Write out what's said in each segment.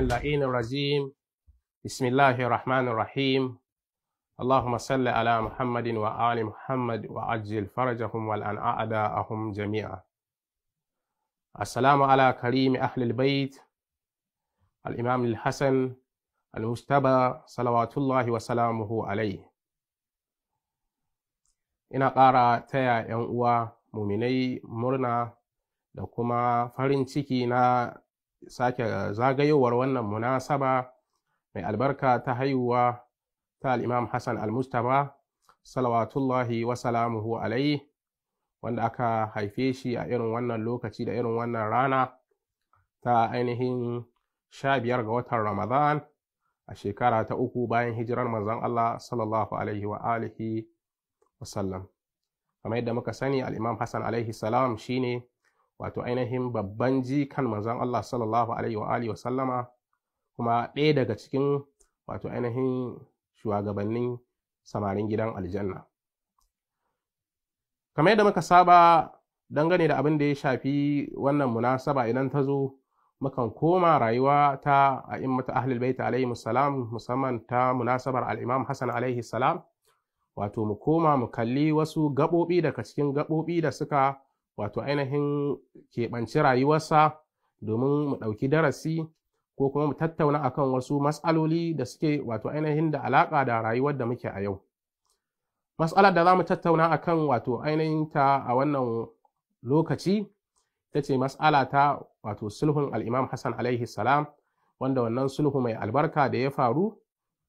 اللعين الرجيم بسم الله الرحمن الرحيم اللهم صل على محمد وآل محمد وعجل فرجهم والآن أعداءهم جميعا السلام على كريم أهل البيت الإمام الحسن المجتبى صلوات الله وسلامه عليه ina ƙara taya 'yan uwa muminai murna da kuma farin ciki na sake zagayowar wannan munasaba mai albarka ta haihuwa ta al'imam Hassan al-Mustapha salawatullahi wa salamuhu wanda aka haife shi a irin wannan lokaci da irin wannan rana ta ainihin sha biyar ga watan Ramadan a shekara ta uku bayan hijirar manzon Allah sallallahu alaihi wa alihi wa sallam. Kamar yadda muka sani al'imam Hassan alaihi salam shine wato ainihin babban jikan manzon Allah sallallahu alaihi wa alihi sallama kuma ɗaya daga cikin wato ainihin shugabannin samarin gidan aljanna kamar yadda muka saba dangane da abin da ya shafi wannan munasaba idan ta zo mukan koma rayuwa ta a immata ahlul bait alaihi musallam musamman ta munasabar al-imam hasan alaihi salam wato mu koma mu kalli wasu gabobi daga cikin gabobi da suka wato ainihin keɓanci rayuwarsa domin mu ɗauki darasi ko kuma mu tattauna akan wasu matsaloli da suke wato ainihin da alaƙa da rayuwar da muke a yau. Matsalar da za mu tattauna akan wato ainihin ta a wannan lokaci ita ce matsala ta wato sulhun al'imam Hassan alaihi salam wanda wannan sulhu mai albarka da ya faru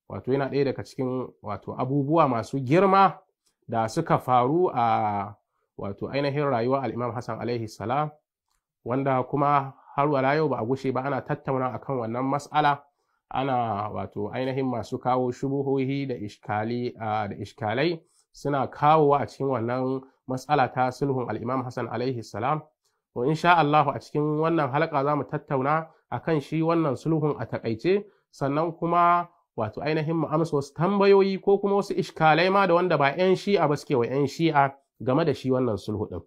wato yana ɗaya daga cikin wato abubuwa masu girma da suka faru a wato ainihin rayuwar al'imam hassan alaihi salam wanda kuma har wala yau ba a gushe ba ana tattauna akan wannan mas'ala ana wato ainihin masu kawo shubuhohi da iskali iskalai suna kawo a cikin wannan mas'ala ta sulhun al'imam Hassan alaihi salam. To, insha Allah a cikin wannan halka za mu tattauna a kan shi wannan sulhun a takaice, sannan kuma wato ainihin mu amsa wasu tambayoyi ko kuma wasu ishkalai ma da wanda ba ‘yan shi'a ba suke wa ‘yan shi'a game da shi wannan sulhu ɗin.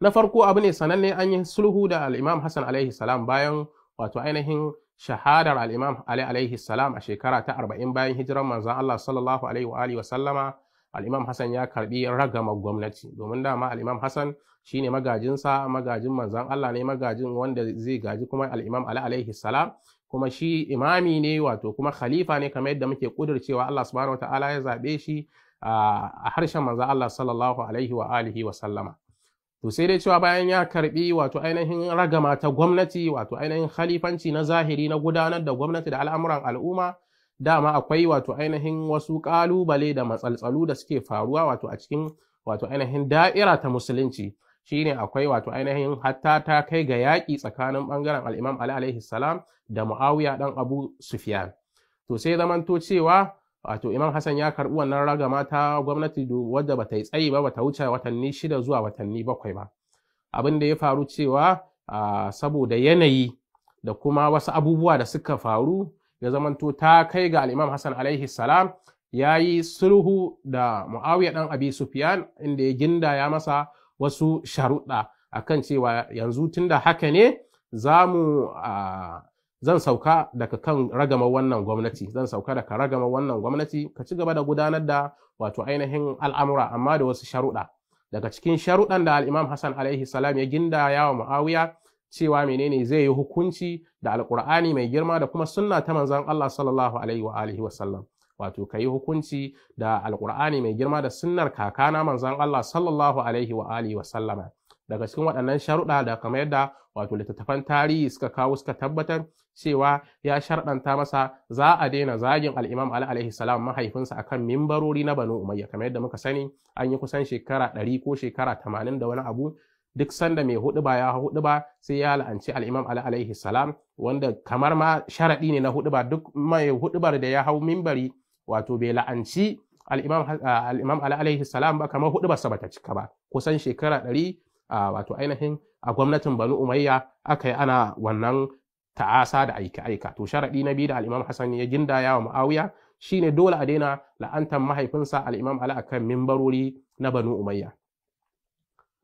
Na farko abu ne sananne an yi sulhu da al'imam Hassan alaihi salam bayan wato ainihin shahadar al'imam Ali alaihi salam a shekara ta arba'in bayan hijiran manzan Allah sallallahu alaihi wa alihi wa sallama al'imam Hassan ya karɓi ragama gwamnati domin dama al'imam Hassan shi ne magajinsa magajin manzan Allah ne magajin wanda zai gaji kuma al'imam Ali alaihi salam kuma shi imami ne wato kuma khalifa ne kamar yadda muke ƙudurcewa Allah subhanahu wa ta'ala ya zaɓe shi a harshen maza Allah sallallahu alaihi wa alihi wa sallama to sai dai cewa bayan ya karbi wato ainihin ragama ta gwamnati wato ainihin khalifanci na zahiri na gudanar da gwamnati da al'amuran al'umma dama akwai wato ainihin wasu kalubale da matsaltsalu da suke faruwa wato a cikin wato ainihin da'ira ta musulunci shine akwai wato ainihin hatta ta kai ga yaƙi tsakanin ɓangaren al'imam Ali alaihi salam da Muawiya ɗan Abu sufiyan To sai zamanto cewa wato imam hassan ya karbi wannan ragama ta gwamnati wadda bata yi tsayi ba bata wuce watanni shida zuwa watanni bakwai ba abin da ya faru cewa saboda yanayi da kuma wasu abubuwa da suka faru ya zamanto ta kai ga al'imam hassan alaihi salam ya yi sulhu da muawiya ɗan abi sufyan inda ya ginda ya masa wasu sharuɗa akan cewa yanzu tunda haka ne za mu zan sauka daga kan ragama wannan gwamnati zan sauka daga ragama wannan gwamnati ka ci gaba da gudanar da wato ainihin al'amura amma da wasu sharuɗa daga cikin sharuɗan da al'imam hassan alaihi salam ya ginda yawa mu'awiya cewa menene zai yi hukunci da alƙur'ani mai girma da kuma sunna ta manzan Allah sallallahu alaihi wa alihi wa sallam wato ka yi hukunci da alƙur'ani mai girma da sunnar kakana manzon Allah sallallahu alaihi wa alihi wa sallama daga cikin waɗannan sharuɗa da kamar yadda wato littattafan tarihi suka kawo suka tabbatar cewa ya sharɗanta masa za a daina zagin al'imam al'al'aihi salam mahaifinsa akan mimbarori na Banu Umayya kamar yadda muka sani an yi kusan shekara ɗari ko shekara tamanin da wani abu duk sanda mai hudu ba ya hudu ba sai ya la'anci al'imam al'al'aihi salam wanda kamar ma sharaɗi ne na hudu ba duk mai hudubar da ya hau mimbari wato bai la'anci al'imam al'al'aihi salam ba kamar hudu ba sa bata cika ba kusan shekara ɗari wato ainihin a gwamnatin Banu Umayya aka yi ana wannan ta'asa da aika aika to sharadi na biyu da al-imam hasan ya gindaya wa muawiya shine dole a daina la'antar mahaifinsa al-imam a kan mimbarori na banu umayya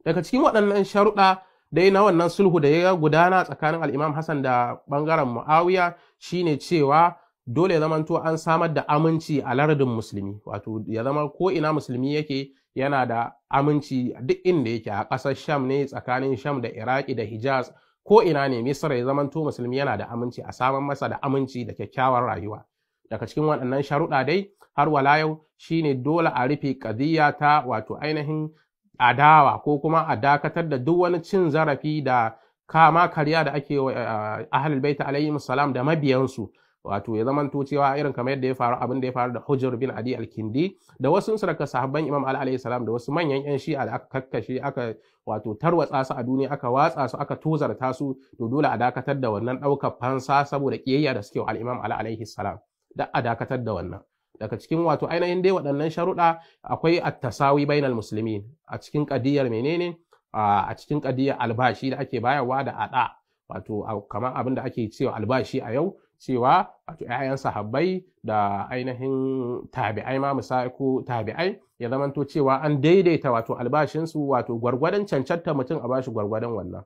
daga cikin waɗannan sharuɗa dai na wannan sulhu da ya gudana tsakanin al'imam Hassan da ɓangaren Mu'awiya shine cewa dole ya zamanto an samar da aminci a lardin musulmi wato ya zama ko ina musulmi yake yana da aminci duk inda yake a ƙasar Sham ne tsakanin Sham da Iraki da Hijaz ko ina ne misra ya zamanto musulmi yana da aminci a saman masa da aminci da kyakkyawar rayuwa daga cikin waɗannan sharuɗa dai har wala yau shine dole a rufe ƙadiyya ta wato ainihin adawa ko kuma a dakatar da duk wani cin zarafi da kama karya da ake wa eh, ahlul baita alayhi salam da mabiyansu wato ya zamanto cewa irin kamar yadda ya faru abin da ya faru da Hujr bin Adi al-Kindi da wasu daga sahabban Imam Ali alayhi salam da wasu manyan yan shi'a da aka kakkashe aka wato tarwatsa su a duniya aka watsa su aka tozarta su to dole a dakatar da wannan ɗaukar fansa saboda kiyayya da suke wa al-Imam Ali alayhi salam da a dakatar da wannan daga cikin wato ainihin dai waɗannan sharuɗa akwai at-tasawi bainal muslimin a cikin qadiyar menene a cikin qadiyar albashi da ake bayarwa da ada wato kamar abin da ake cewa albashi a yau cewa wato ‘ya'yan sahabbai da ainihin tabi'ai ma misali ko tabi'ai ya zamanto cewa an daidaita wato albashinsu wato gwargwadon cancanta mutum a bashi gwargwadon wannan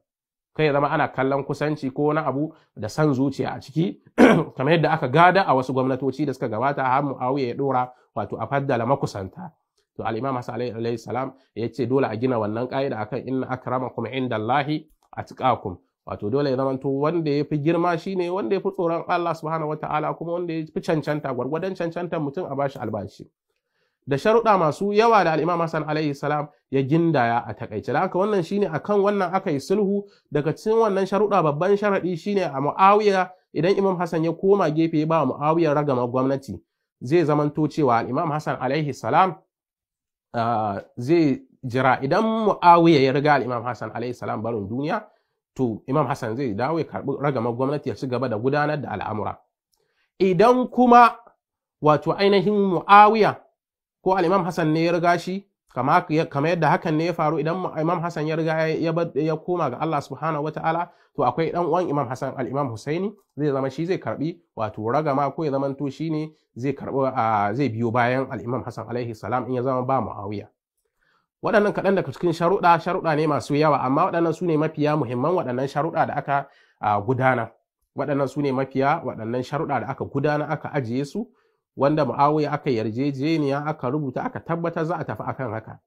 kai ya zama ana kallon kusanci ko wani abu da san zuciya a ciki kamar yadda aka gada a wasu gwamnatoci da suka gabata a har muawiya ya dora wato a faddala makusanta to al-imam alayhi salam ya ce dole a gina wannan ka'ida akan inna akramakum indallahi atqakum wato dole ya zamanto wanda ya fi girma shine wanda ya fi tsoron Allah subhanahu wata'ala kuma wanda ya fi cancanta gwargwadon cancantar mutum a bashi albashi da sharuɗa masu yawa da al'imam Hassan alaihi salam ya gindaya a takaice da haka wannan shine akan wannan aka yi sulhu daga cikin wannan sharuɗa babban sharaɗi shine a Muawiya idan Imam Hassan ya koma gefe ya ba Muawiya ragama gwamnati zai zamanto cewa al'imam Hassan alaihi salam ah, zai jira idan Muawiya ya riga al'imam Hassan alaihi salam barin duniya to Imam Hassan zai dawo ya karɓi ragamar gwamnati ya ci gaba da gudanar da al'amura. Idan kuma wato ainihin Mu'awiya ko al'imam Hassan ne ya riga shi, kama yadda hakan ne ya faru idan Imam Hassan ya riga ya koma ga Allah subhanahu ta'ala to akwai ɗan uwan Imam Hassan al'imam Husaini zai zama shi zai karɓi wato ragama ko ya zama to shi ne zai karɓi zai biyo bayan al'imam Hassan alaihi salam in ya zama ba Mu'awiya. waɗannan kaɗan daga cikin sharuɗa sharuɗa ne masu yawa amma waɗannan su ne mafiya muhimman waɗannan sharuɗa da aka gudana waɗannan su ne mafiya waɗannan sharuɗa da aka gudana aka ajiye su wanda mu'awiya aka yarjejeniya aka rubuta aka tabbata za a tafi akan haka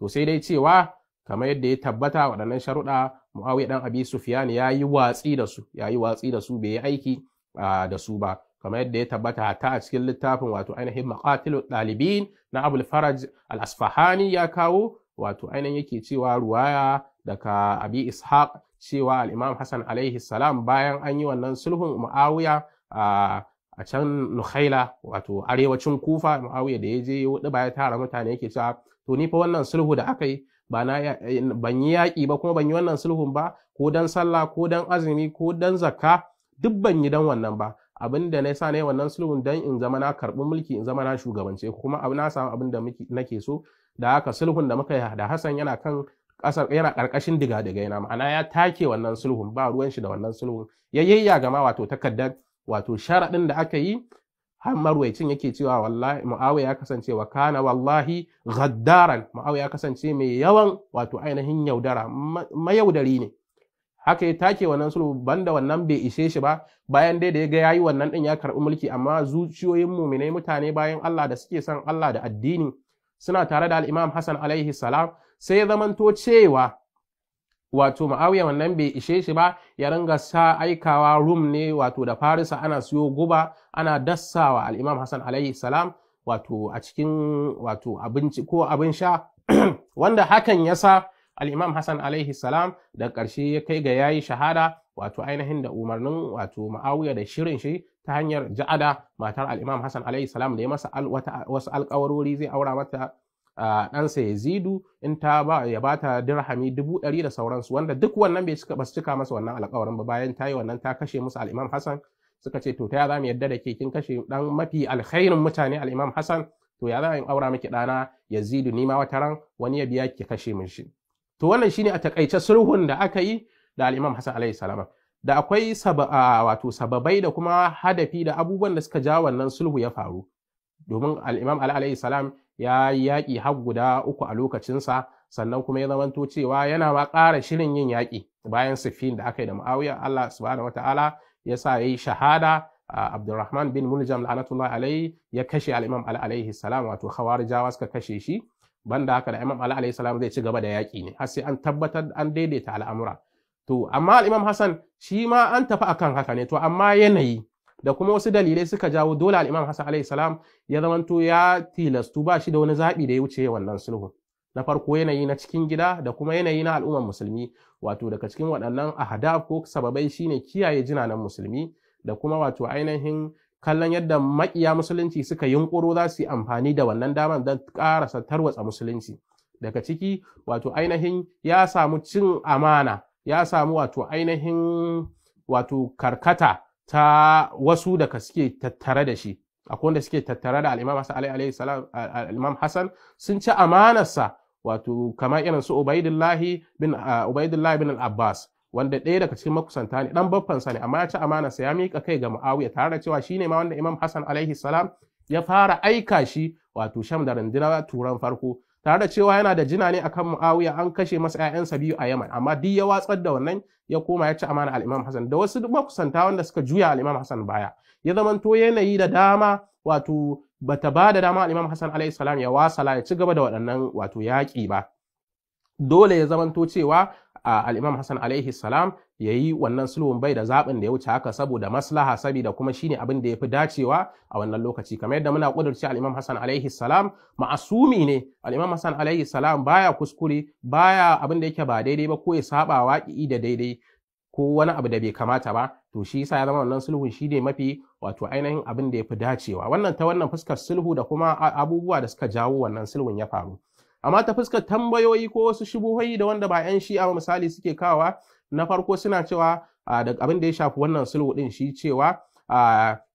to sai dai cewa kamar yadda ya tabbata waɗannan sharuɗa mu'awiya dan abi sufyan ya yi watsi da su ya yi watsi da su bai yi aiki da su ba kamar yadda ya tabbata hatta a cikin littafin wato ainihin maqatilu ɗalibin na abul faraj al-asfahani ya kawo wato ainihin yake cewa ruwaya daga abi ishaq cewa alimam imam hassan alaihi salam bayan an yi wannan sulhun muawiya a can nukhaila wato arewacin kufa muawiya da ya je ya ba ya tara mutane yake cewa to ni fa wannan sulhu da aka yi ba na ban yi yaƙi ba kuma ban yi wannan sulhun ba ko dan sallah ko dan azumi ko dan zakka duk ban yi dan wannan ba abin da na sa na yi wannan sulhun dan in zama na karɓi mulki in zama na shugabance kuma abu na samu abin da nake so da haka sulhun da muka yi da Hassan yana kan kasar yana karkashin diga-digai na ma'ana ya take wannan sulhun ba ruwan shi da wannan sulhun ya yayya gama wato takaddar wato sharaɗin da aka yi har marwaicin yake cewa wallahi muawiya ya kasance wa kana wallahi ghaddaran muawiya ya kasance mai yawan wato ainihin yaudara mayaudari ne haka ya take wannan sulhu banda wannan bai ishe shi ba bayan dai da ya ga yayi wannan din ya karbi mulki amma zuciyoyin muminai mutane bayan Allah da suke son Allah da addini suna tare da al'imam Hassan alaihi salam sai ya zamanto cewa wato ma'awiya wannan bai ishe shi ba ya ringa sa aikawa rum ne wato da farisa ana siyo guba ana dassawa al'imam Hassan alaihi salam wato a cikin wato abinci ko abin sha wanda hakan ya sa al'imam Hassan alaihi salam da ƙarshe ya kai ga yayi shahada wato ainihin da umarnin wato ma'awiya da shirin shi ta hanyar ja'ada matar al-imam hassan alaihi salam da ya masa wasu alkawarori zai aura mata ɗansa ya zidu in ta ba ya bata dirhami dubu ɗari da sauransu wanda duk wannan bai cika cika masa wannan alkawarin ba bayan ta yi wannan ta kashe musu al hassan suka ce to ta ya za mu yadda da ke kin kashe dan mafi alkhairin mutane alimam hassan to ya za aura miki ɗana ya zidu ni ma wata ran wani ya biya ki kashe min shi to wannan shine a takaice sulhun da aka yi da al hassan alaihi salam da akwai wato sababai da kuma hadafi da abubuwan da suka ja wannan sulhu ya faru domin al'imam alaihi salam ya yaƙi har guda uku a lokacinsa sannan kuma ya zamanto cewa yana ma ƙara shirin yin yaƙi bayan siffin da aka yi da ma'auya Allah subhanahu wata'ala ya sa ya yi shahada Abdulrahman bin Muljam la'anatullah alaihi ya kashe al'imam al’alaihi salam wato khawarijawa suka kashe shi banda haka da imam al’alaihi salam zai ci gaba da yaƙi ne har sai an tabbatar an daidaita al'amura To, amma al'imam Hassan shi ma an tafi akan haka ne, to, amma yanayi da kuma wasu dalilai suka jawo dole al'imam Hassan alaihi salam ya zamanto ya tilastu ba shi da wani zaɓi da ya wuce wannan sulhu. Na farko yanayi na cikin gida da kuma yanayi na al'ummar musulmi, wato daga cikin waɗannan ahada ko sababai shine kiyaye jinanan musulmi da kuma wato ainihin kallon yadda maƙiya musulunci suka yunƙuro za su yi amfani da wannan damar don ƙarasa tarwatsa musulunci. Daga ciki wato ainihin ya samu cin amana ya samu wato ainihin wato karkata ta wasu daga suke tattare da shi akwai wanda suke tattare da al'imam Hassan alaihi salam al'imam Hassan sun ci amanarsa wato kamar irin su Ubaidullahi bin Ubaidullahi bin Abbas wanda ɗaya daga cikin makusanta ne dan baffansa ne amma ya ci amanarsa ya miƙa kai ga Muawiya tare da cewa shine ma wanda Imam Hassan alaihi salam ya fara aika shi wato Sham da rundunar turan farko tare da cewa yana da jina ne akan Muawiya an kashe masa ƴaƴansa biyu a Yaman amma duk ya watsar da wannan ya koma ya ci amana al-Imam Hassan da wasu makusanta wanda suka juya al-Imam Hassan baya ya zamanto yanayi da dama wato bata ba da dama al-Imam Hassan salam ya wasala ya ci gaba da waɗannan wato yaƙi ba dole ya zamanto cewa al-Imam Hassan alaihi salam ya yi wannan sulhun bai da zaɓin da ya wuce haka saboda maslaha saboda kuma shine abin da ya fi dacewa a wannan lokaci kamar yadda muna ƙudurci al'imam hassan alaihi salam ma'asumi ne al'imam hassan alaihi salam baya kuskure baya abin da yake ba daidai ba ko ya saba waƙi da daidai ko wani abu da bai kamata ba to shi yasa ya zama wannan sulhun shi ne mafi wato ainihin abin da ya fi dacewa wannan ta wannan fuskar sulhu da kuma abubuwa da suka jawo wannan sulhun ya faru amma ta fuskar tambayoyi ko wasu shubuhoyi da wanda ba 'yan shi'a misali suke kawa na farko suna cewa da abin da ya shafi wannan sulhu din shi cewa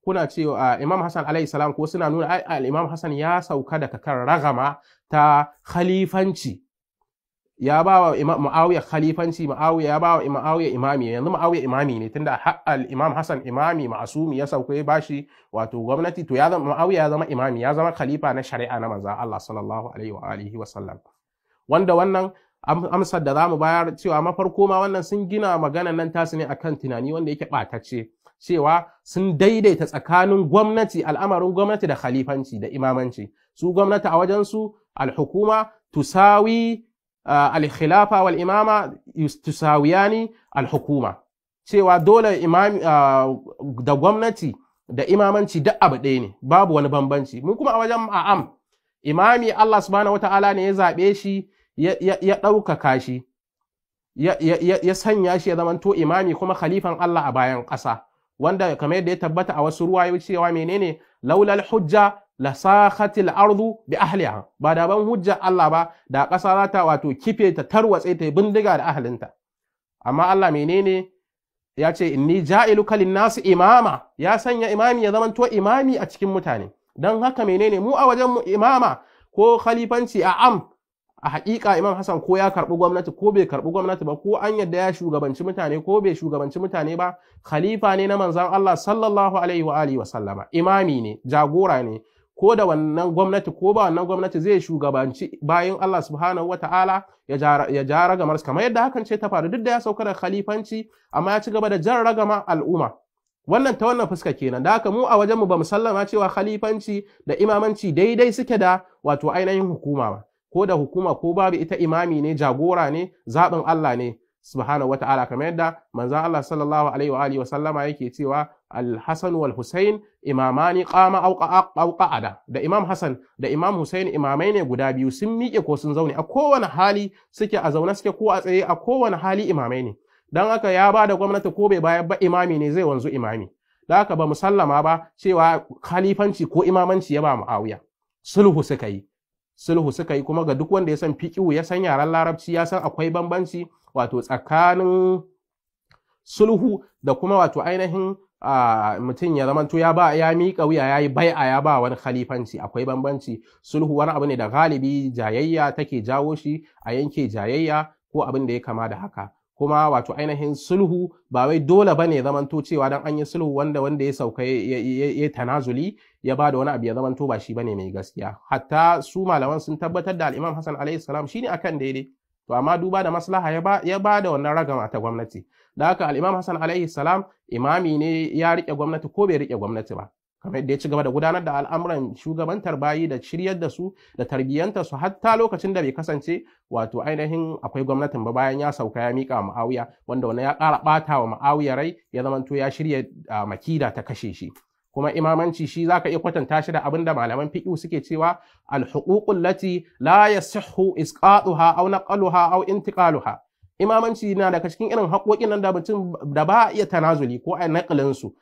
kuna cewa Imam Hassan alaihi salam ko suna nuna ai al-Imam Hassan ya sauka daga kan ragama ta khalifanci ya ba wa Muawiya khalifanci Muawiya ya ba wa Muawiya imami yanzu Muawiya imami ne tunda al-Imam Hassan imami ma'asumi ya sauka ya bashi wato gwamnati to ya ya zama imami ya zama khalifa na shari'a na manzo Allah sallallahu alaihi wa alihi wa sallam wanda wannan amsar da za mu bayar cewa mafarko ma wannan sun gina magana nan tasu ne akan tunani wanda yake ɓatacce cewa sun daidaita tsakanin gwamnati al'amarin gwamnati da khalifanci da imamanci su gwamnati a su, alhukuma tusawi alkhilafa wal imama tusawiyani alhukuma cewa dole da gwamnati da imamanci duk abu ɗaya ne babu wani bambanci mu kuma a wajen ma'am imami Allah subhanahu wata'ala ne ya zaɓe shi ya ɗaukaka shi ya sanya shi ya zamanto imami kuma khalifan Allah a bayan ƙasa wanda kamar yadda ya tabbata a wasu ruwayoyi cewa menene laulal hujja la sakhatil ardu bi ahliha ba da ban hujja Allah ba da ƙasa za ta wato kife ta tarwatse ta bindiga da ahlinta amma Allah menene ya ce inni ja'ilu lin nasu imama ya sanya imami ya zamanto imami a cikin mutane dan haka menene mu a wajen mu imama ko khalifanci a am a haƙiƙa imam hassan ko ya karɓi gwamnati ko bai karɓi gwamnati ba ko an yadda ya shugabanci mutane ko bai shugabanci mutane ba khalifa ne na manzan allah sallallahu alaihi wa alihi wa sallama imami ne jagora ne ko da wannan gwamnati ko ba wannan gwamnati zai shugabanci bayan allah subhanahu wa ta'ala ya ja ragamar kamar yadda hakan ce ta faru duk da ya sauka da khalifanci amma ya ci gaba da jan ragama al'umma wannan ta wannan fuska kenan da haka mu a wajenmu ba mu sallama cewa khalifanci da imamanci daidai suke da wato ainihin hukuma ba ko da hukuma ko babu ita imami ne jagora ne zaɓin Allah ne subhanahu ta'ala kamar yadda manzon Allah sallallahu alaihi wa alihi wa sallama yake cewa al-Hasan wal Husain imamani qama aw qa'ada da Imam Hasan da Imam Husain imamai ne guda biyu sun miƙe ko sun zaune a kowane hali suke a zaune suke ko a tsaye a kowane hali imamai ne dan haka ya ba da gwamnati ko bai bayar ba imami ne zai wanzu imami da haka ba musallama ba cewa khalifanci ko imamanci ya ba Muawiya sulhu suka yi sulhu suka yi kuma ga duk wanda ya san fiqihu ya san yaren larabci ya san akwai bambanci wato tsakanin sulhu da kuma wato ainihin mutum ya zamanto ya ba ya miƙa wuya ya yi bai'a ya ba wani khalifanci akwai bambanci sulhu wani abu ne da galibi jayayya take jawo shi a yanke jayayya ko abin da ya kama da haka kuma wato ainihin sulhu ba wai dole bane ya zamanto cewa dan an yi sulhu wanda wanda ya sauka ya tanazuli ya ba wani abu ya zamanto ba shi bane mai gaskiya hatta su malaman sun tabbatar da al-Imam Hassan alayhi salam shine akan daidai to amma duba da maslaha ya ba da wannan ragama ta gwamnati da haka al-Imam Hassan alaihi salam imami ne ya rike gwamnati ko bai rike gwamnati ba kamar yadda ya ci gaba da gudanar da al'amuran shugabantar bayi da shiryar da su da tarbiyyantar su hatta lokacin da bai kasance wato ainihin akwai gwamnatin ba bayan ya sauka ya mika ma'awiya wanda wani ya ƙara ɓata wa ma'awiya rai ya zamanto ya shirya makida ta kashe shi kuma imamanci shi zaka iya kwatanta shi da abin da malaman fiqh suke cewa al-huququl lati la yasihhu isqatuha aw naqaluha aw intiqaluha imamanci na daga cikin irin haƙoƙin nan da mutum da ba iya tanazuli ko a naƙalin su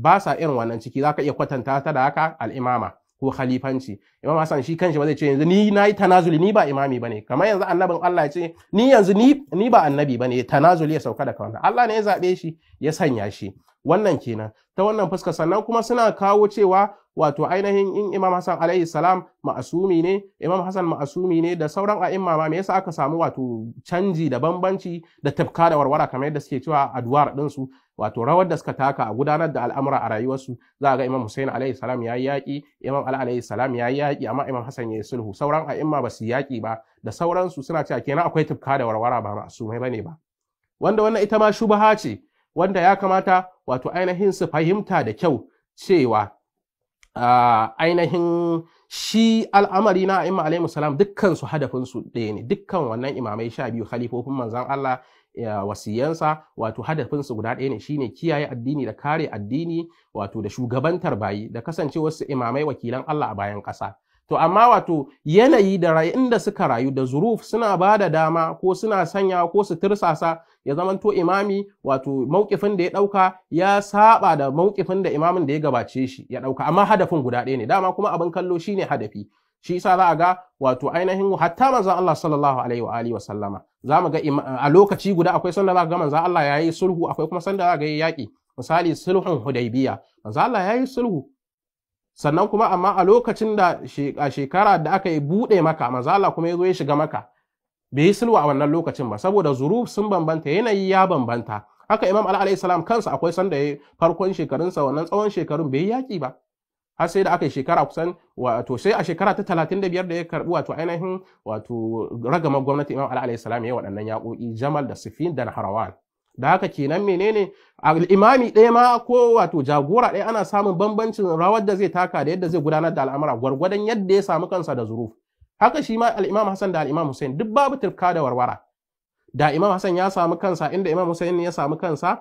ba sa irin wannan ciki za ka iya kwatanta ta da haka al'imama ko khalifanci imam hasan shi kanshi ba zai ce yanzu ni na yi tanazuli ni ba imami bane kamar yanzu annabin Allah ya ce ni yanzu ni ni ba annabi bane tanazuli ya sauka da wanda Allah ne ya zabe shi ya sanya shi wannan kenan ta wannan fuska sannan kuma suna kawo cewa wato ainihin in Imam Hassan alaihi salam ma'asumi ne Imam Hassan ma'asumi ne da sauran a ma me yasa aka samu wato canji da bambanci da tafka da warwara kamar yadda suke cewa a duwar dinsu wato rawar da suka taka a gudanar da al'amura a rayuwarsu za a ga Imam Hussein alaihi salam ya yaƙi Imam Ali alaihi salam ya yaƙi amma Imam Hassan ya sulhu sauran imama ba su yaƙi ba da sauransu suna cewa kenan akwai tafka da warwara ba ma'asumai bane ba wanda wannan ita ma shubaha ce wanda ya kamata wato ainihin su fahimta da kyau cewa ainihin shi al'amari na a'imma alaihi salam dukkan su hadafin su ɗaya ne dukkan wannan imamai sha biyu khalifofin manzon Allah wasiyansa wato hadafin su guda ɗaya ne shine kiyaye addini da kare addini wato da shugabantar bayi da kasancewar su imamai wakilan Allah a bayan ƙasa To amma wato yanayi da inda suka rayu da zuruf suna ba da dama ko suna sanya ko su tirsasa ya zamanto imami wato mauƙifin da ya ɗauka ya saba da mauƙifin da imamin da ya gabace shi ya ɗauka amma hadafin guda ɗaya ne dama kuma abin kallo shine hadafi shi yasa za a ga wato ainihin hatta manzon Allah sallallahu alaihi wa alihi wa sallama za mu ga a lokaci guda akwai sanda za ga manzon Allah yayi sulhu akwai kuma sanda za ga yaki misali sulhun hudaybiya manzon Allah yayi sulhu sannan kuma amma a lokacin da a shekara da aka yi buɗe maka mazala kuma ya zo ya shiga maka bai yi sulwa a wannan lokacin ba saboda zuruf sun bambanta yanayi ya bambanta haka imam ala alayhi salam kansa akwai sanda ya farkon shekarunsa wannan tsawon shekarun bai yi yaƙi ba har sai da aka yi shekara kusan wato sai a shekara ta talatin da biyar da ya karbi wato ainihin wato ragamar gwamnati imam ala alayhi salam ya yi waɗannan yaƙoƙi jamal da sifin da harawan da haka kenan menene imami ɗaya ma ko wato jagora ɗaya ana samun bambancin rawar da zai taka da yadda zai gudanar da al'amura gwargwadon yadda ya samu kansa da zuruf haka shi ma al'imam Hassan da al'imam Hussein duk babu turka da warwara da imam Hassan ya samu kansa inda imam Hussein ya samu kansa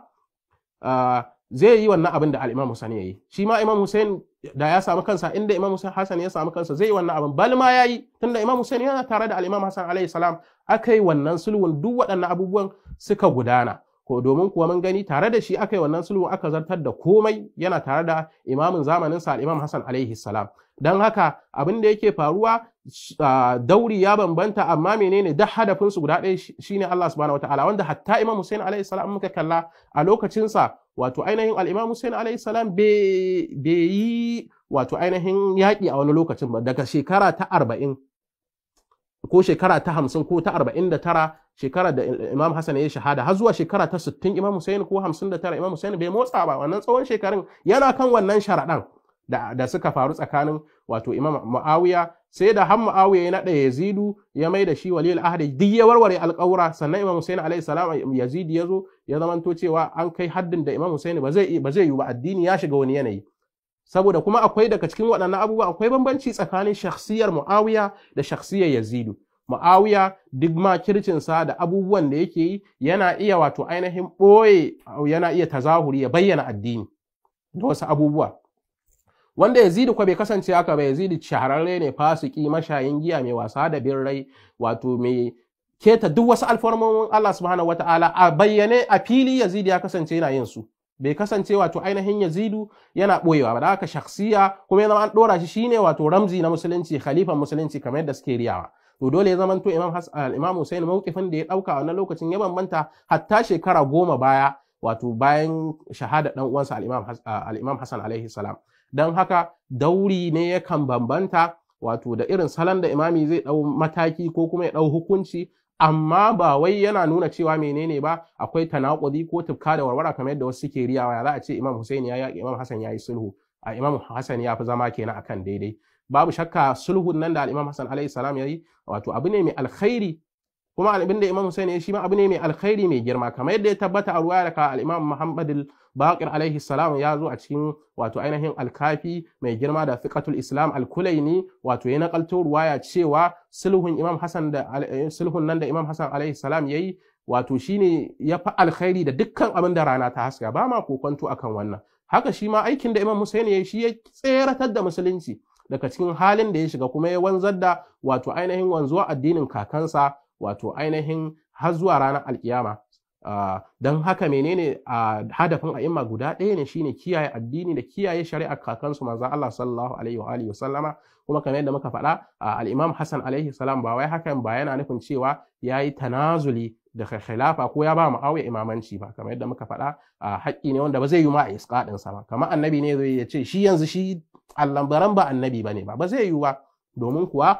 zai yi wannan abin da al'imam Hussein ya yi shi ma imam Hussein da ya samu kansa inda imam Hussein Hassan ya samu kansa zai yi wannan abin bal ma yi tunda imam Hussein yana tare da al'imam Hassan alaihi salam aka yi wannan sulhun duk waɗannan abubuwan suka gudana ko domin kuwa mun gani tare da shi aka yi wannan sulhu aka zartar da komai yana tare da imamin zamanin sa Imam Hassan alaihi salam dan haka abin da yake faruwa dauri ya bambanta amma menene da hadafin su guda ɗaya shine Allah subhanahu wataala wanda hatta Imam Hussein alaihi salam muka kalla a lokacin sa wato ainihin al-Imam Hussein alaihi salam bai yi wato ainihin yaƙi a wani lokacin ba daga shekara ta arba'in ko shekara ta hamsin ko ta arba'in da tara shekara da imam hassan ya shahada har zuwa shekara ta sittin imam hussein ko hamsin da tara imam hussein bai motsa ba wannan tsawon shekarun yana kan wannan sharaɗan da, da suka faru tsakanin wato imam muawiya sai da har muawiya ya naɗa yazidu ya mai da shi waliyul ahdi duk ya warware alƙawura sannan imam hussein alaihi salam yazidi ya zo ya zamanto cewa an kai haddin da imam hussein ba zai yi ba addini ya shiga wani yanayi saboda kuma akwai daga cikin waɗannan abubuwa akwai bambanci tsakanin shakhsiyar Muawiya da shakhsiyar Yazidu Muawiya duk sa da abubuwan da yake yi yana iya wato ainihin ɓoye yana iya tazahuri ya bayyana addini da wasu abubuwa wanda Yazidu ko bai kasance haka ba Yazidu shahararre ne fasiki mashayin giya mai wasa da birrai wato mai keta duk wasu alfarmomin Allah subhanahu wataala a bayyane a fili Yazidu ya kasance yana yin su bai kasance wato ainihin yazidu yana boyewa ba da haka shakhsiya kuma ya an dora shi shine wato ramzi na musulunci khalifan musulunci kamar yadda suke riyawa to dole ya zamanto imam ah, imam husain mawqifin da ya dauka a wannan lokacin ya bambanta hatta shekara goma baya wato bayan shahada dan uwansa al-imam ah, al-imam Hassan alaihi salam dan haka dauri ne yakan bambanta wato da irin salon da imami zai dau mataki ko kuma ya dau hukunci amma ba wai yana nuna cewa menene ba akwai tanakudi ko tufka da warwara kamar yadda wasu suke riyawa ya za a ce Imam Hussein ya yaƙi Imam Hassan ya yi sulhu a Imam Hassan ya fi zama kenan akan daidai babu shakka sulhun nan da Imam Hassan alaihi salam ya yi wato abu ne mai alkhairi kuma abin da Imam Hussein ya shi ma abu ne mai alkhairi mai girma kamar yadda ya tabbata a ruwaya daga al-Imam Muhammad baqir alaihi salam ya zo a cikin wato ainihin alkafi mai girma da fiqatul Islam al ne? wato ya nakalto ruwaya cewa sulhun Imam da eh, sulhun nan da Imam Hassan alaihi salam yayi wato shine ya fa alkhairi da dukkan abin da rana ta haska ba ma kokonto akan wannan haka shi ma aikin da Imam Hussein ya shi ya tseratar da musulunci daga cikin halin da ya shiga kuma ya wanzar da wato ainihin wanzuwa addinin kakansa wato ainihin har zuwa ranar alkiyama Uh, don haka menene a uh, hadafin a'imma guda ɗaya ne shine kiyaye addini da kiyaye shari'ar kakansu maza? Allah sallallahu alaihi wa alihi wasallama kuma kamar yadda muka faɗa uh, al-Imam Hassan alaihi salam ba wai hakan ba yana nufin cewa yayi tanazuli da khilafa ko ya ba Muawiya imamanci ba kamar yadda muka faɗa haƙƙi ne wanda ba zai yi ma a isqadin sa ba kamar annabi ne zai ce shi yanzu shi allambaran ba annabi bane ba ba zai yi ba domin kuwa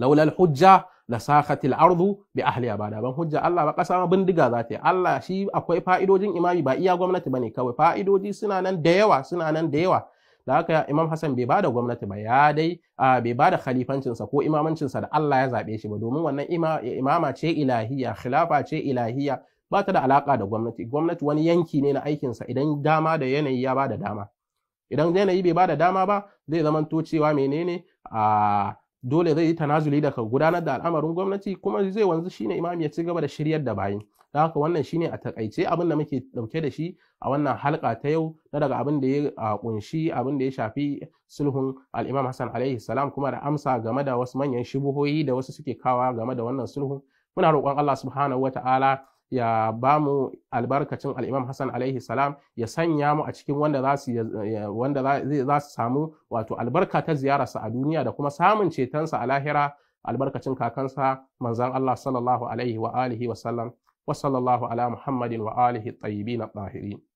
laulal hujja la sakhatil ardu bi ahliya ba da ban hujja Allah ba kasa ma bindiga za ta yi Allah shi akwai fa'idojin imami ba iya gwamnati bane kawai fa'idoji suna nan da yawa suna nan da yawa da haka Imam Hassan bai bada gwamnati ba ya dai bai bada khalifancinsa ko imamancinsa da Allah ya zaɓe shi ba domin wannan imama ce ilahiya khilafa ce ilahiya ba ta da alaka da gwamnati gwamnati wani yanki ne na aikinsa idan dama da yanayi ya bada dama idan yanayi bai bada dama ba zai zamanto cewa menene a dole zai yi tanazuli daga gudanar da al'amarin gwamnati kuma zai wanzu shine imam ya ci gaba da shiryar da bayin. da haka wannan shine a takaice abin da muke dauke da shi a wannan halka ta yau na daga abin da ya kunshi abin da ya shafi sulhun al'imam Hassan alaihi salam kuma da amsa game da wasu manyan shubuhoyi da wasu suke kawa game da wannan sulhun muna roƙon Allah subhanahu ta'ala. ya ba mu albarkacin al'imam Hassan alaihi salam ya sanya mu a cikin wanda za su wanda za su samu wato albarka ta ziyararsa a duniya da kuma samun cetonsa a lahira albarkacin kakansa manzon Allah sallallahu alaihi wa alihi wa sallam wa sallallahu ala Muhammadin wa alihi tayyibin at-tahirin